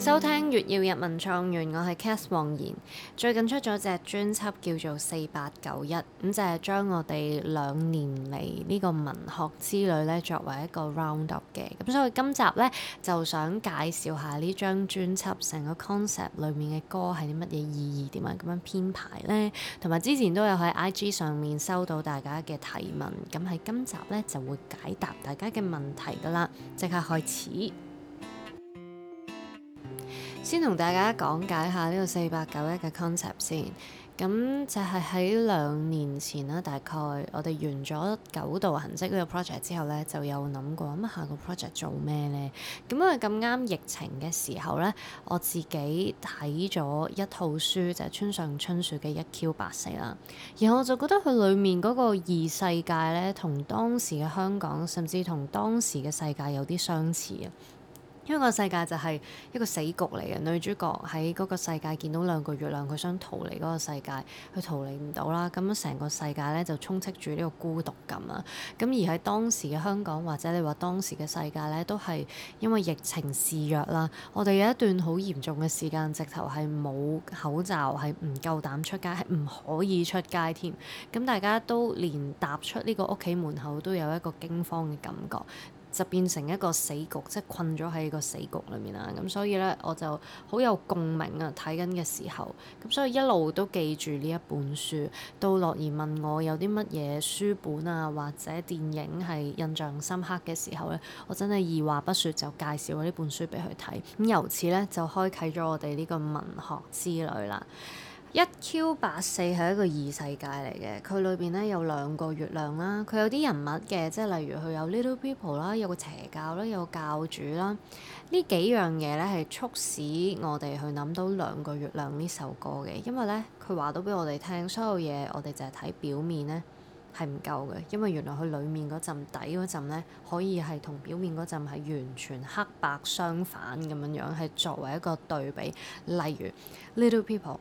收聽粵要日文創園，我係 Cath 王言。最近出咗隻專輯叫做《四八九一》，咁就係將我哋兩年嚟呢個文學之旅咧作為一個 roundup 嘅。咁所以今集呢，就想介紹下呢張專輯成個 concept 裡面嘅歌係啲乜嘢意義、點解咁樣編排呢？同埋之前都有喺 IG 上面收到大家嘅提問，咁喺今集呢，就會解答大家嘅問題㗎喇。即刻開始！先同大家講解下呢個四八九一嘅 concept 先，咁就係、是、喺兩年前啦，大概我哋完咗九度痕跡呢個 project 之後呢，就有諗過咁、嗯、下個 project 做咩呢？」咁因為咁啱疫情嘅時候呢，我自己睇咗一套書就係《村上春樹》嘅一 Q 八四啦，然後我就覺得佢裡面嗰個異世界呢，同當時嘅香港，甚至同當時嘅世界有啲相似啊！因為個世界就係一個死局嚟嘅，女主角喺嗰個世界見到兩個月亮，佢想逃離嗰個世界，佢逃離唔到啦。咁成個世界呢就充斥住呢個孤獨感啊。咁而喺當時嘅香港，或者你話當時嘅世界呢，都係因為疫情肆虐啦。我哋有一段好嚴重嘅時間，直頭係冇口罩，係唔夠膽出街，係唔可以出街添。咁大家都連踏出呢個屋企門口，都有一個驚慌嘅感覺。就變成一個死局，即係困咗喺個死局裏面啦。咁所以咧，我就好有共鳴啊！睇緊嘅時候，咁所以一路都記住呢一本書。到樂儀問我有啲乜嘢書本啊或者電影係印象深刻嘅時候咧，我真係二話不說就介紹咗呢本書俾佢睇。咁由此咧就開啟咗我哋呢個文學之旅啦。1Q84 係一個異世界嚟嘅，佢裏邊咧有兩個月亮啦。佢有啲人物嘅，即係例如佢有 Little People 啦，有個邪教啦，有個教主啦。呢幾樣嘢咧係促使我哋去諗到兩個月亮呢首歌嘅，因為咧佢話到俾我哋聽，所有嘢我哋淨係睇表面咧係唔夠嘅，因為原來佢裏面嗰陣底嗰陣咧可以係同表面嗰陣係完全黑白相反咁樣樣，係作為一個對比，例如 Little People。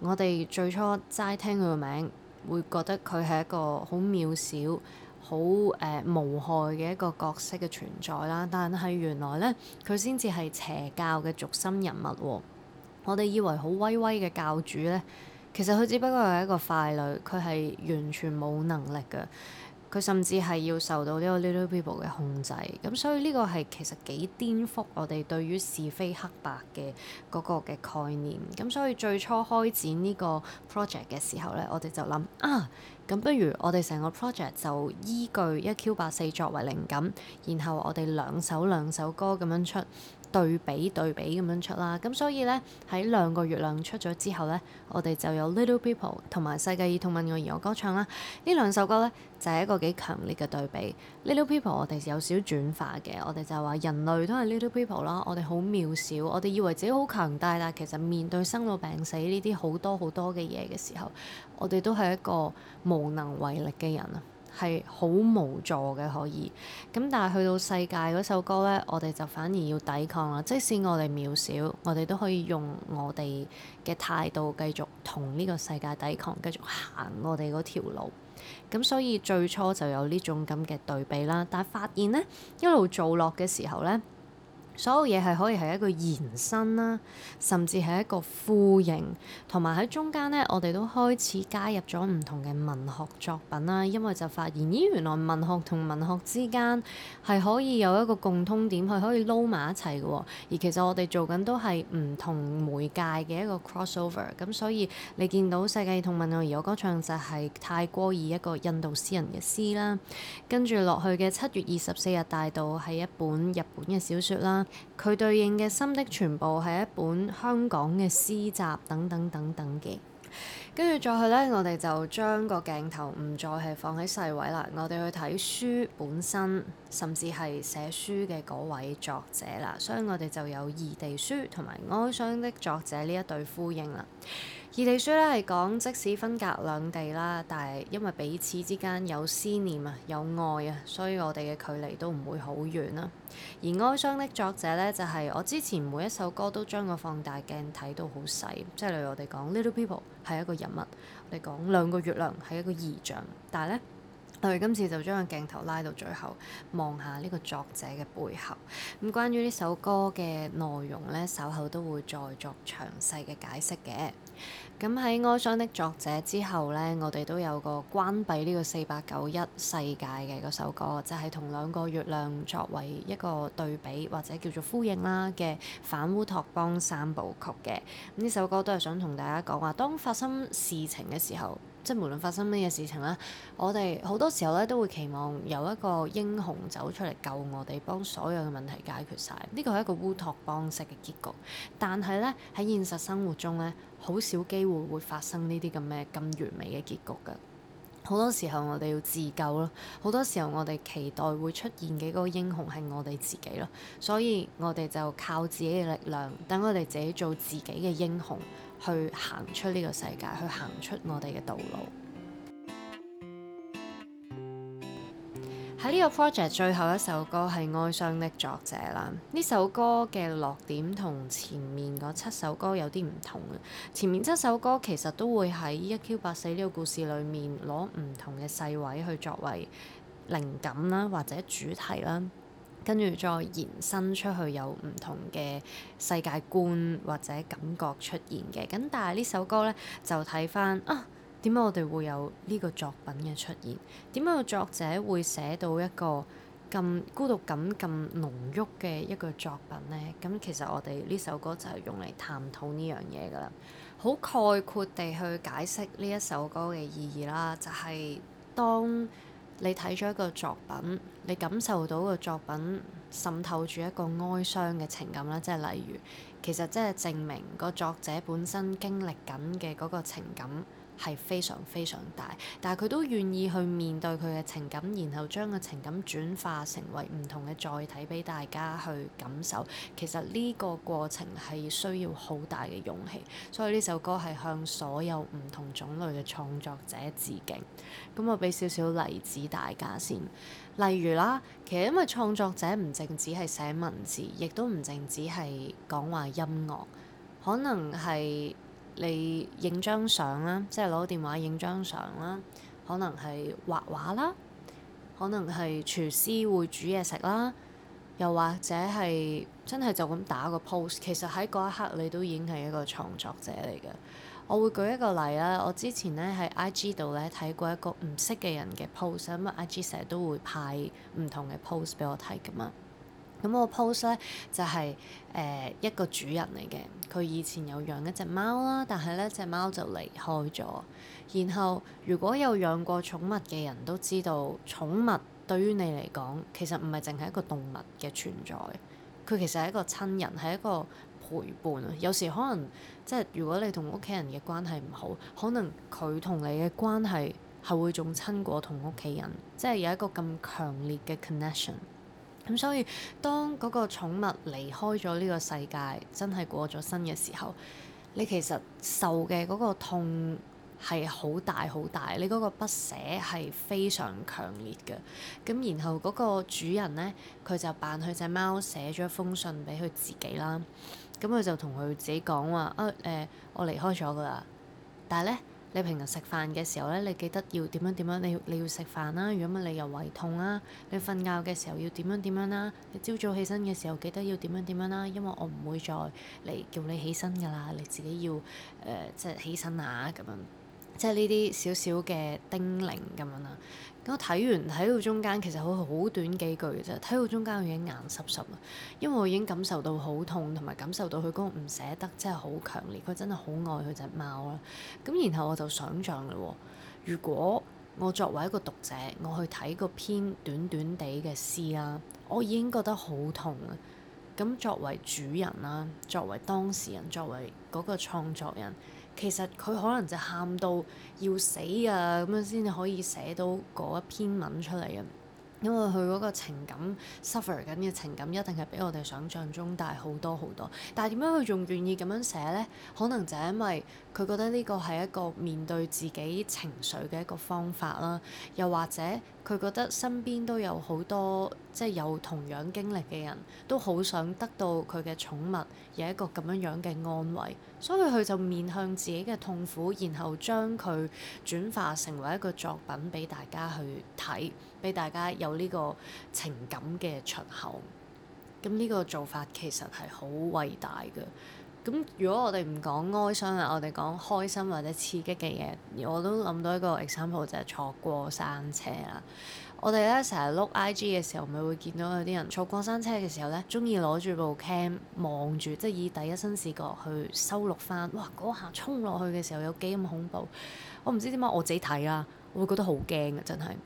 我哋最初齋聽佢個名，會覺得佢係一個好渺小、好誒、呃、無害嘅一個角色嘅存在啦。但係原來呢，佢先至係邪教嘅軸心人物喎、哦。我哋以為好威威嘅教主呢，其實佢只不過係一個傀儡，佢係完全冇能力嘅。佢甚至係要受到呢個 Little People 嘅控制，咁所以呢個係其實幾顛覆我哋對於是非黑白嘅嗰個嘅概念。咁所以最初開展呢個 project 嘅時候呢，我哋就諗啊，咁不如我哋成個 project 就依據 1Q84 作為靈感，然後我哋兩首兩首歌咁樣出。對比對比咁樣出啦，咁所以呢，喺兩個月亮出咗之後呢，我哋就有 Little People 同埋世界兒童文樂兒歌唱啦。呢兩首歌呢，就係、是、一個幾強烈嘅對比。Little People 我哋有少少轉化嘅，我哋就係話人類都係 Little People 啦，我哋好渺小，我哋以為自己好強大，但其實面對生老病死呢啲好多好多嘅嘢嘅時候，我哋都係一個無能為力嘅人啊。係好無助嘅，可以咁，但係去到世界嗰首歌呢，我哋就反而要抵抗啦。即使我哋渺小，我哋都可以用我哋嘅態度繼續同呢個世界抵抗，繼續行我哋嗰條路。咁所以最初就有呢種咁嘅對比啦。但係發現呢，一路做落嘅時候呢。所有嘢係可以係一個延伸啦，甚至係一個呼應，同埋喺中間呢，我哋都開始加入咗唔同嘅文學作品啦。因為就發現咦，原來文學同文學之間係可以有一個共通點，係可以撈埋一齊嘅。而其實我哋做緊都係唔同媒介嘅一個 crossover。咁所以你見到世界同文學而我歌唱就係泰戈爾，一個印度詩人嘅詩啦，跟住落去嘅七月二十四日大道係一本日本嘅小説啦。佢對應嘅心的全部係一本香港嘅詩集等等等等嘅，跟住再去呢，我哋就將個鏡頭唔再係放喺細位啦，我哋去睇書本身，甚至係寫書嘅嗰位作者啦，所以我哋就有異地書同埋哀傷的作者呢一對呼應啦。異地書咧係講即使分隔兩地啦，但係因為彼此之間有思念啊、有愛啊，所以我哋嘅距離都唔會好遠啦、啊。而哀傷的作者咧就係、是、我之前每一首歌都將個放大鏡睇到好細，即係例如我哋講 Little People 係一個人物，我哋講兩個月亮係一個意象，但係咧。我哋今次就將個鏡頭拉到最後，望下呢個作者嘅背後。咁關於呢首歌嘅內容呢，稍後都會再作詳細嘅解釋嘅。咁喺《哀傷的作者》之後呢，我哋都有個關閉呢個四八九一世界嘅嗰首歌，就係同兩個月亮作為一個對比或者叫做呼應啦嘅反烏托邦三部曲嘅。咁呢首歌都係想同大家講話，當發生事情嘅時候。即係無論發生乜嘢事情啦，我哋好多時候咧都會期望由一個英雄走出嚟救我哋，幫所有嘅問題解決晒。呢個係一個烏托邦式嘅結局，但係咧喺現實生活中咧，好少機會會發生呢啲咁嘅咁完美嘅結局㗎。好多時候我哋要自救咯，好多時候我哋期待會出現嘅嗰個英雄係我哋自己咯。所以我哋就靠自己嘅力量，等我哋自己做自己嘅英雄。去行出呢個世界，去行出我哋嘅道路。喺呢 個 project 最後一首歌係《哀傷的作者》啦。呢首歌嘅落點同前面嗰七首歌有啲唔同。前面七首歌其實都會喺《一 Q 八四》呢個故事裏面攞唔同嘅細位去作為靈感啦，或者主題啦。跟住再延伸出去有唔同嘅世界觀或者感覺出現嘅，咁但係呢首歌咧，就睇翻啊，點解我哋會有呢個作品嘅出現，點解個作者會寫到一個咁孤獨感咁濃郁嘅一個作品咧？咁其實我哋呢首歌就係用嚟探討呢樣嘢噶啦，好概括地去解釋呢一首歌嘅意義啦，就係當。你睇咗一個作品，你感受到個作品滲透住一個哀傷嘅情感啦。即係例如，其實即係證明個作者本身經歷緊嘅嗰個情感，係非常非常大，但係佢都願意去面對佢嘅情感，然後將個情感轉化成為唔同嘅載體俾大家去感受。其實呢個過程係需要好大嘅勇氣，所以呢首歌係向所有唔同種類嘅創作者致敬。咁我俾少少例子大家先，例如啦，其實因為創作者唔淨止係寫文字，亦都唔淨止係講話音樂，可能係。你影張相啦，即係攞電話影張相啦，可能係畫畫啦，可能係廚師會煮嘢食啦，又或者係真係就咁打個 post，其實喺嗰一刻你都已經係一個創作者嚟嘅。我會舉一個例啦，我之前咧喺 IG 度咧睇過一個唔識嘅人嘅 post，咁啊 IG 成日都會派唔同嘅 post 俾我睇㗎嘛。咁個 post 咧就係、是、誒、呃、一個主人嚟嘅。佢以前有養一隻貓啦，但係呢隻貓就離開咗。然後如果有養過寵物嘅人都知道，寵物對於你嚟講其實唔係淨係一個動物嘅存在，佢其實係一個親人，係一個陪伴。有時可能即係如果你同屋企人嘅關係唔好，可能佢同你嘅關係係會仲親過同屋企人，即係有一個咁強烈嘅 connection。咁所以，當嗰個寵物離開咗呢個世界，真係過咗身嘅時候，你其實受嘅嗰個痛係好大好大，你嗰個不捨係非常強烈嘅。咁然後嗰個主人呢，佢就扮佢隻貓寫咗封信俾佢自己啦。咁佢就同佢自己講話：啊誒、欸，我離開咗㗎啦。但係呢。你平日食飯嘅時候咧，你記得要點樣點樣，你要你要食飯啦。如果乜你又胃痛啦，你瞓覺嘅時候要點樣點樣啦。你朝早起身嘅時候記得要點樣點樣啦，因為我唔會再嚟叫你起身㗎啦，你自己要誒、呃、即係起身啊咁樣。即係呢啲少少嘅叮嚀咁樣啦，咁我睇完睇到中間其實好好短幾句嘅啫，睇到中間我已經眼濕濕啦，因為我已經感受到好痛，同埋感受到佢嗰個唔捨得，真係好強烈，佢真係好愛佢隻貓啦。咁然後我就想像啦，如果我作為一個讀者，我去睇個篇短短地嘅詩啦，我已經覺得好痛啊。咁作為主人啦，作為當事人，作為嗰個創作人。其實佢可能就喊到要死啊，咁樣先至可以寫到嗰一篇文出嚟嘅。因為佢嗰個情感 suffer 緊嘅情感一定係比我哋想象中大好多好多。但係點解佢仲願意咁樣寫呢？可能就係因為佢覺得呢個係一個面對自己情緒嘅一個方法啦。又或者佢覺得身邊都有好多即係、就是、有同樣經歷嘅人，都好想得到佢嘅寵物有一個咁樣樣嘅安慰，所以佢就面向自己嘅痛苦，然後將佢轉化成為一個作品俾大家去睇。俾大家有呢個情感嘅出口，咁呢個做法其實係好偉大嘅。咁如果我哋唔講哀傷啊，我哋講開心或者刺激嘅嘢，我都諗到一個 example 就係、是、坐過山車啦。我哋咧成日碌 IG 嘅時候，咪會見到有啲人坐過山車嘅時候咧，中意攞住部 cam 望住，即係、就是、以第一身視角去收錄翻。哇！嗰下衝落去嘅時候有幾咁恐怖，我唔知點解我自己睇啦、啊，我會覺得好驚啊，真係。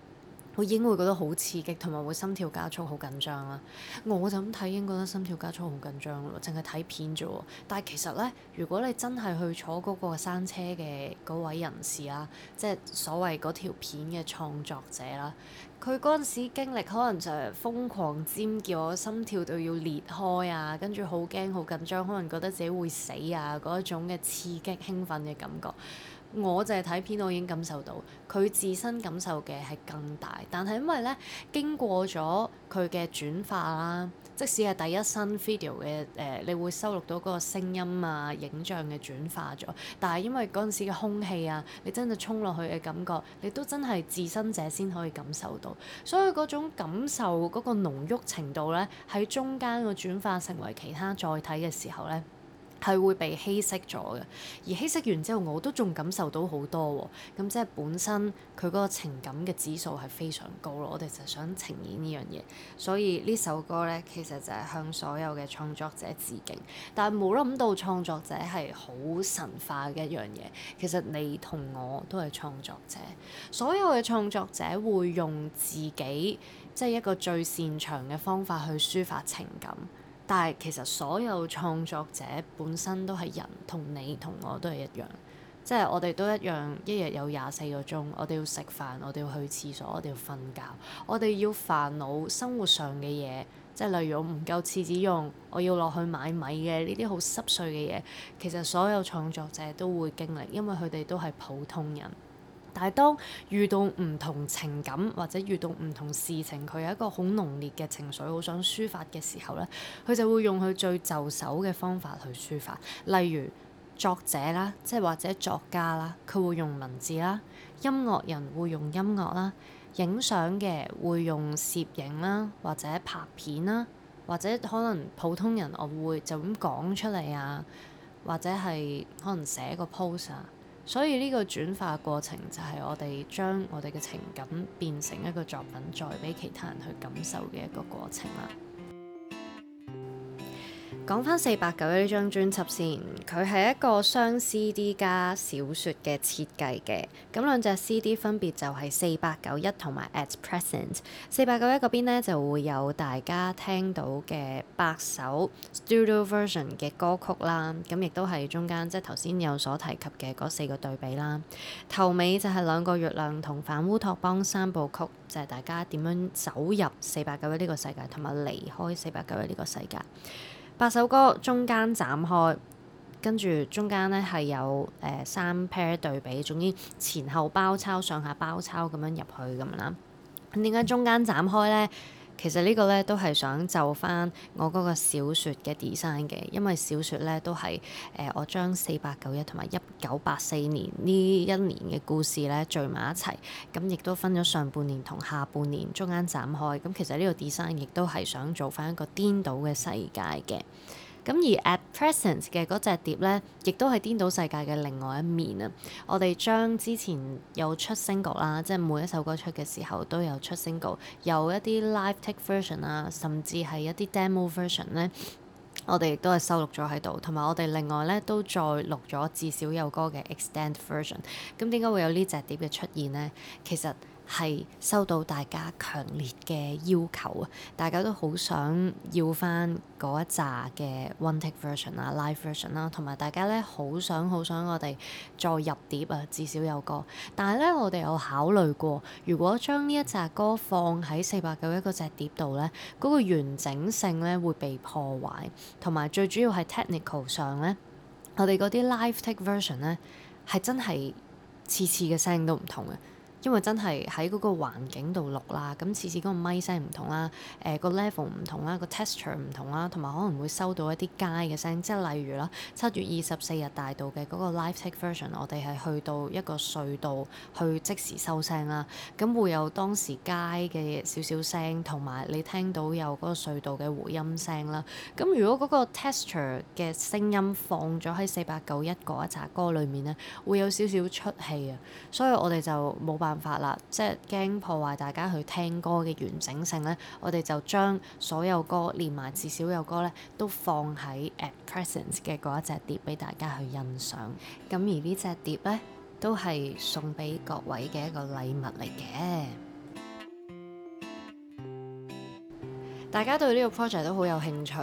我已經會覺得好刺激，同埋會心跳加速、好緊張啦。我就咁睇已經覺得心跳加速、好緊張咯，淨係睇片啫喎。但係其實呢，如果你真係去坐嗰個山車嘅嗰位人士啊，即係所謂嗰條片嘅創作者啦，佢嗰陣時經歷可能就係瘋狂尖叫，心跳到要裂開啊，跟住好驚、好緊張，可能覺得自己會死啊嗰一種嘅刺激、興奮嘅感覺。我淨係睇片，我已經感受到佢自身感受嘅係更大，但係因為咧經過咗佢嘅轉化啦，即使係第一身 video 嘅誒、呃，你會收錄到嗰個聲音啊、影像嘅轉化咗，但係因為嗰陣時嘅空氣啊，你真係衝落去嘅感覺，你都真係自身者先可以感受到，所以嗰種感受嗰、那個濃郁程度咧，喺中間個轉化成為其他載體嘅時候咧。係會被稀釋咗嘅，而稀釋完之後，我都仲感受到好多喎。咁即係本身佢嗰個情感嘅指數係非常高咯。我哋就想呈現呢樣嘢，所以呢首歌呢，其實就係向所有嘅創作者致敬。但係冇諗到創作者係好神化嘅一樣嘢。其實你同我都係創作者，所有嘅創作者會用自己即係一個最擅長嘅方法去抒發情感。但係其實所有創作者本身都係人，同你同我都係一樣，即係我哋都一樣，一日有廿四個鐘，我哋要食飯，我哋要去廁所，我哋要瞓覺，我哋要煩惱生活上嘅嘢，即係例如我唔夠廁紙用，我要落去買米嘅呢啲好濕碎嘅嘢，其實所有創作者都會經歷，因為佢哋都係普通人。但係當遇到唔同情感或者遇到唔同事情，佢有一個好濃烈嘅情緒，好想抒發嘅時候咧，佢就會用佢最就手嘅方法去抒發。例如作者啦，即係或者作家啦，佢會用文字啦；音樂人會用音樂啦；影相嘅會用攝影啦，或者拍片啦，或者可能普通人，我會就咁講出嚟啊，或者係可能寫個 post。所以呢個轉化過程就係我哋將我哋嘅情感變成一個作品，再俾其他人去感受嘅一個過程啦。講翻《4891》呢張專輯先，佢係一個雙 CD 加小説嘅設計嘅。咁兩隻 CD 分別就係《4891》同埋《At Present》。4891嗰邊呢就會有大家聽到嘅八首 Studio Version 嘅歌曲啦。咁亦都係中間即係頭先有所提及嘅嗰四個對比啦。頭尾就係兩個月亮同反烏托邦三部曲，就係大家點樣走入4891呢個世界，同埋離開4891呢個世界。八首歌，中間斬開，跟住中間咧係有誒、呃、三 pair 對比，總之前後包抄、上下包抄咁樣入去咁樣啦。咁點解中間斬開咧？其實呢個呢都係想就翻我嗰個小說嘅 design 嘅，因為小說呢都係誒、呃、我將四八九一同埋一九八四年呢一年嘅故事呢聚埋一齊，咁、嗯、亦都分咗上半年同下半年，中間斬開，咁、嗯、其實呢個 design 亦都係想做翻一個顛倒嘅世界嘅。咁而 at present 嘅嗰隻碟呢，亦都係顛倒世界嘅另外一面啊！我哋將之前有出 single 啦，即係每一首歌出嘅時候都有出 single，有一啲 live take version 啦，甚至係一啲 demo version 呢。我哋亦都係收錄咗喺度，同埋我哋另外呢都再錄咗至少有歌嘅 extended version。咁點解會有呢隻碟嘅出現呢？其實係收到大家強烈嘅要求啊！大家都好想要翻嗰一紮嘅 one take version 啊 live version 啦，同埋大家咧好想好想我哋再入碟啊！至少有歌。但係咧，我哋有考慮過，如果將呢一扎歌放喺四八九一個隻碟度咧，嗰個完整性咧會被破壞，同埋最主要係 technical 上咧，我哋嗰啲 live take version 咧係真係次次嘅聲都唔同嘅。因為真係喺嗰個環境度錄啦，咁次次嗰個咪聲唔同啦，誒、呃、個 level 唔同啦，個 texture 唔同啦，同埋可能會收到一啲街嘅聲，即係例如啦，七月二十四日大道嘅嗰個 live take version，我哋係去到一個隧道去即時收聲啦，咁會有當時街嘅少少聲，同埋你聽到有嗰個隧道嘅回音聲啦。咁如果嗰個 texture 嘅聲音放咗喺四百九一嗰一隻歌裏面呢，會有少少出氣啊，所以我哋就冇辦。辦法啦，即係驚破壞大家去聽歌嘅完整性呢，我哋就將所有歌連埋，至少有歌呢都放喺 At Presence 嘅嗰一隻碟俾大家去欣賞。咁而呢隻碟呢，都係送俾各位嘅一個禮物嚟嘅。大家對呢個 project 都好有興趣，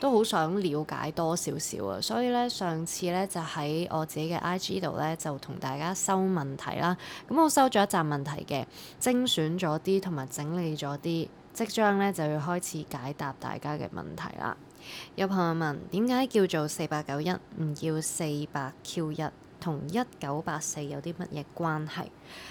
都好想了解多少少啊，所以咧上次咧就喺我自己嘅 IG 度咧就同大家收問題啦，咁我收咗一集問題嘅，精選咗啲同埋整理咗啲，即將咧就要開始解答大家嘅問題啦。有朋友問，點解叫做四八九一唔叫四八 Q 一？同一九八四有啲乜嘢關係？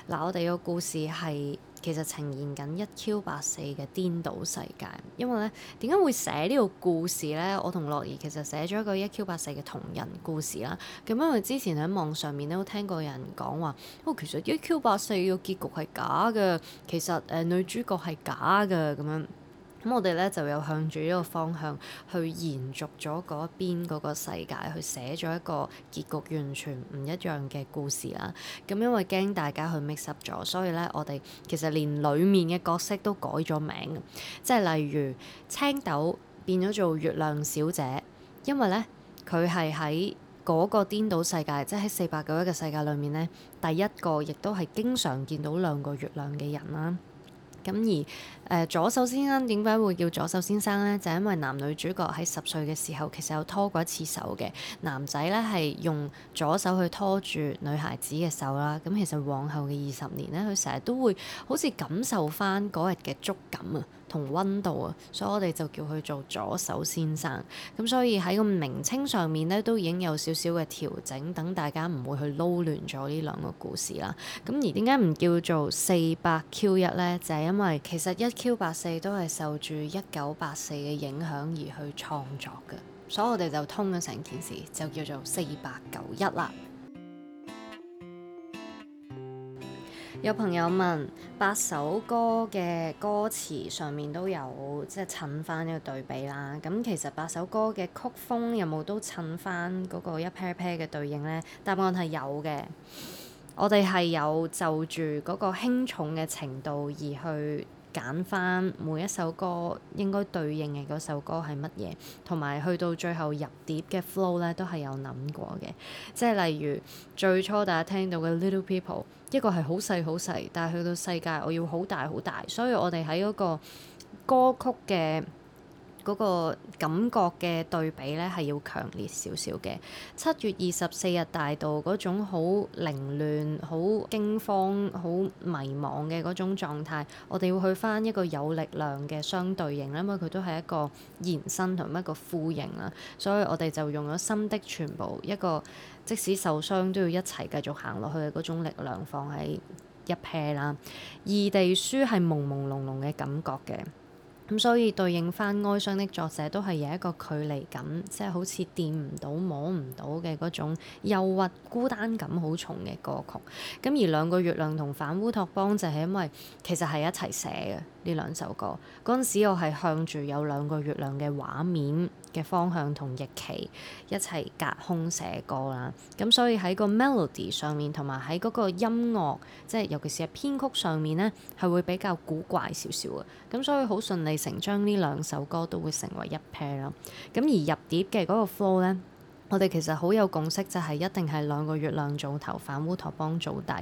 嗱，我哋個故事係其實呈現緊一 Q 八四嘅顛倒世界。因為咧，點解會寫呢個故事咧？我同樂儀其實寫咗一個一 Q 八四嘅同人故事啦。咁因為之前喺網上面都聽過有人講話，哦，其實一 Q 八四個結局係假嘅，其實誒、呃、女主角係假嘅咁樣。咁我哋咧就有向住呢個方向去延續咗嗰邊嗰個世界，去寫咗一個結局完全唔一樣嘅故事啦。咁、嗯、因為驚大家去 mix up 咗，所以咧我哋其實連裡面嘅角色都改咗名，即係例如青豆變咗做月亮小姐，因為咧佢係喺嗰個顛倒世界，即係喺四八九一嘅世界裏面咧，第一個亦都係經常見到兩個月亮嘅人啦。咁而，誒左手先生點解會叫左手先生呢？就係因為男女主角喺十歲嘅時候其實有拖過一次手嘅男仔咧，係用左手去拖住女孩子嘅手啦。咁其實往後嘅二十年咧，佢成日都會好似感受返嗰日嘅觸感啊，同溫度啊，所以我哋就叫佢做左手先生。咁所以喺個名稱上面呢，都已經有少少嘅調整，等大家唔會去撈亂咗呢兩個故事啦。咁而點解唔叫做四八 Q 一呢？就係因為其實一 Q 八四都係受住一九八四嘅影響而去創作嘅，所以我哋就通咗成件事，就叫做四八九一啦。有朋友問，八首歌嘅歌詞上面都有，即係襯翻呢個對比啦，咁其實八首歌嘅曲風有冇都襯翻嗰個一 pair pair 嘅對應呢？答案係有嘅。我哋係有就住嗰個輕重嘅程度而去揀翻每一首歌應該對應嘅嗰首歌係乜嘢，同埋去到最後入碟嘅 flow 咧都係有諗過嘅，即係例如最初大家聽到嘅 Little People。一個係好細，好細，但係去到世界，我要好大好大，所以我哋喺嗰個歌曲嘅。嗰個感覺嘅對比呢，係要強烈少少嘅。七月二十四日大道嗰種好凌亂、好驚慌、好迷茫嘅嗰種狀態，我哋要去翻一個有力量嘅相對應，因為佢都係一個延伸同埋個呼應啦。所以我哋就用咗心的全部，一個即使受傷都要一齊繼續行落去嘅嗰種力量，放喺一 pair a 啦。異地書係朦朦朧朧嘅感覺嘅。咁、嗯、所以對應返哀傷的作者都係有一個距離感，即、就、係、是、好似掂唔到摸唔到嘅嗰種憂鬱孤單感好重嘅歌曲。咁、嗯、而兩個月亮同反烏托邦就係因為其實係一齊寫嘅。呢兩首歌嗰陣時，我係向住有兩個月亮嘅畫面嘅方向同日期一齊隔空寫歌啦。咁所以喺個 melody 上面，同埋喺嗰個音樂，即係尤其是係編曲上面咧，係會比較古怪少少嘅。咁所以好順理成章，呢兩首歌都會成為一 pair 咯。咁而入碟嘅嗰個 flow 咧。我哋其實好有共識，就係、是、一定係兩個月亮做頭，反烏托邦做底，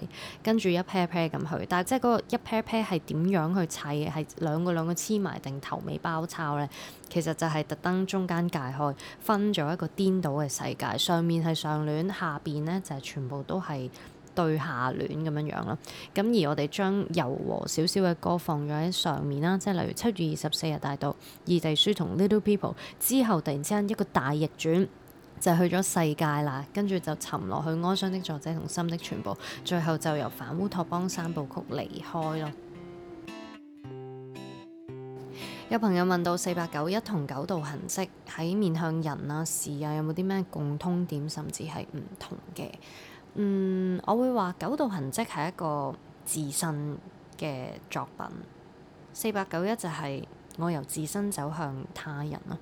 跟住一 pair pair 咁去。但係即係嗰一 pair pair 係點樣去砌嘅？係兩個兩個黐埋定頭尾包抄呢？其實就係特登中間界開分咗一個顛倒嘅世界，上面係上戀，下邊呢就係、是、全部都係對下戀咁樣樣咯。咁而我哋將柔和少少嘅歌放咗喺上面啦，即係例如七月二十四日大道、異地書同 Little People 之後，突然之間一個大逆轉。就去咗世界啦，跟住就沉落去哀傷的作者同心的全部，最後就由反烏托邦三部曲離開咯。 有朋友問到四八九一同九道痕跡喺面向人啊事啊有冇啲咩共通點，甚至係唔同嘅？嗯，我會話九道痕跡係一個自身嘅作品，四八九一就係我由自身走向他人咯。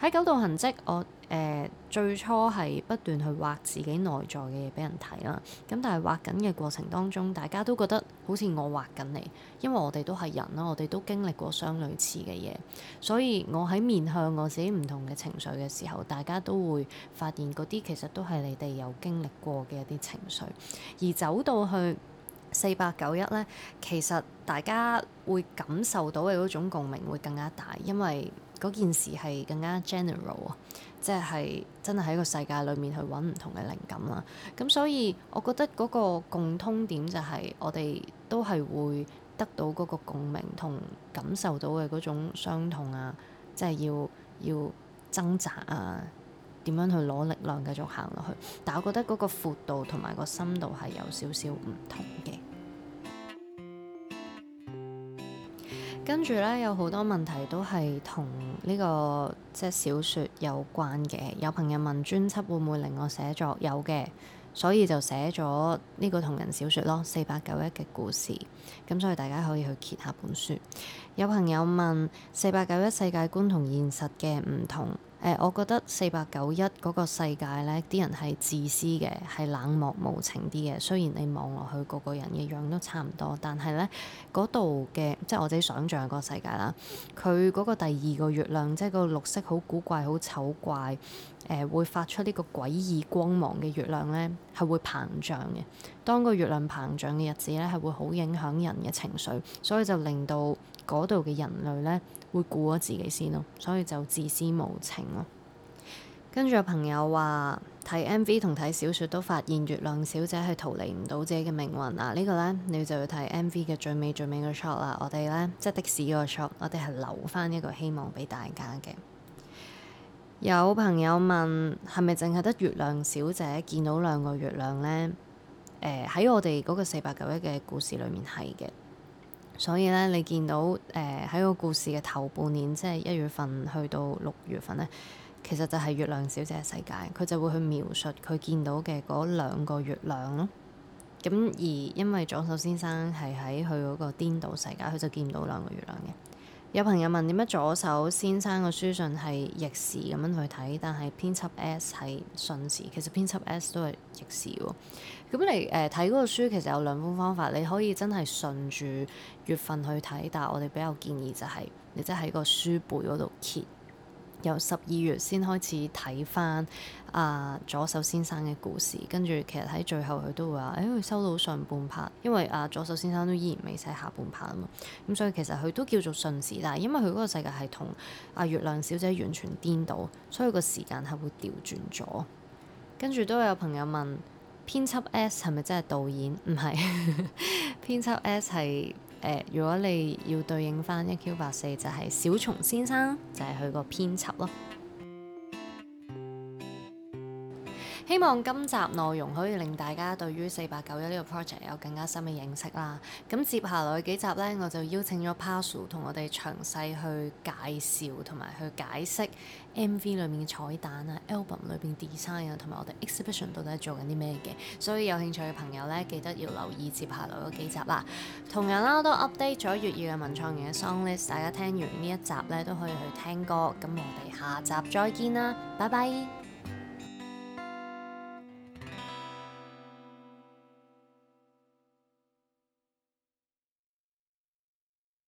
喺九道痕跡，我誒，最初係不斷去畫自己內在嘅嘢俾人睇啦，咁但係畫緊嘅過程當中，大家都覺得好似我畫緊你，因為我哋都係人啦，我哋都經歷過相類似嘅嘢，所以我喺面向我自己唔同嘅情緒嘅時候，大家都會發現嗰啲其實都係你哋有經歷過嘅一啲情緒。而走到去四百九一呢，其實大家會感受到嘅嗰種共鳴會更加大，因為嗰件事係更加 general 啊。即係真係喺個世界裏面去揾唔同嘅靈感啦，咁所以我覺得嗰個共通點就係我哋都係會得到嗰個共鳴同感受到嘅嗰種傷痛啊，即係要要掙扎啊，點樣去攞力量繼續行落去，但我覺得嗰個闊度同埋個深度係有少少唔同嘅。跟住咧，有好多問題都係同呢個即係小説有關嘅。有朋友問專輯會唔會令我寫作有嘅，所以就寫咗呢個同人小説咯，四八九一嘅故事。咁所以大家可以去揭下本書。有朋友問四八九一世界觀同現實嘅唔同。誒，我覺得四百九一嗰個世界呢，啲人係自私嘅，係冷漠無情啲嘅。雖然你望落去，個個人嘅樣都差唔多，但係呢嗰度嘅，即係、就是、我自己想像個世界啦。佢嗰個第二個月亮，即、就、係、是、個綠色好古怪、好醜怪，誒、呃、會發出呢個詭異光芒嘅月亮呢，係會膨脹嘅。當個月亮膨脹嘅日子咧，係會好影響人嘅情緒，所以就令到嗰度嘅人類咧會顧咗自己先咯，所以就自私無情咯。跟住有朋友話睇 M V 同睇小説都發現月亮小姐係逃離唔到自己嘅命運啊。這個、呢個咧你就要睇 M V 嘅最尾最尾嘅 shot 啦。我哋咧即的士嗰個 shot，我哋係留返一個希望俾大家嘅。有朋友問係咪淨係得月亮小姐見到兩個月亮呢？誒喺、呃、我哋嗰個四八九一嘅故事裡面係嘅，所以咧你見到誒喺個故事嘅頭半年，即係一月份去到六月份咧，其實就係月亮小姐嘅世界，佢就會去描述佢見到嘅嗰兩個月亮咯。咁、嗯、而因為左手先生係喺佢嗰個顛倒世界，佢就見唔到兩個月亮嘅。有朋友問點解左手先生個書信係逆時咁樣去睇，但係編輯 S 係順時。其實編輯 S 都係逆時喎。咁你誒睇嗰個書其實有兩種方法，你可以真係順住月份去睇，但係我哋比較建議就係、是、你即係喺個書背嗰度揭。由十二月先開始睇翻、啊《啊左手先生》嘅故事，跟住其實喺最後佢都會話：誒佢收到上半拍，因為啊左手先生都依然未寫下半拍啊嘛。咁、嗯、所以其實佢都叫做順時，但係因為佢嗰個世界係同啊月亮小姐完全顛倒，所以個時間係會調轉咗。跟住都有朋友問編輯 S 係咪真係導演？唔係 編輯 S 係。如果你要對應翻 1Q84，就係小松先生，就係佢個編輯咯。希望今集內容可以令大家對於四八九一呢個 project 有更加深嘅認識啦。咁接下來嘅幾集呢，我就邀請咗 Parsu 同我哋詳細去介紹同埋去解釋 MV 裏面嘅彩蛋啊、album 裏面 design 啊，同埋我哋 exhibition 到底做緊啲咩嘅。所以有興趣嘅朋友呢，記得要留意接下來嘅幾集啦。同樣啦，我都 update 咗粵語嘅文創人嘅 song list，大家聽完呢一集呢都可以去聽歌。咁我哋下集再見啦，拜拜。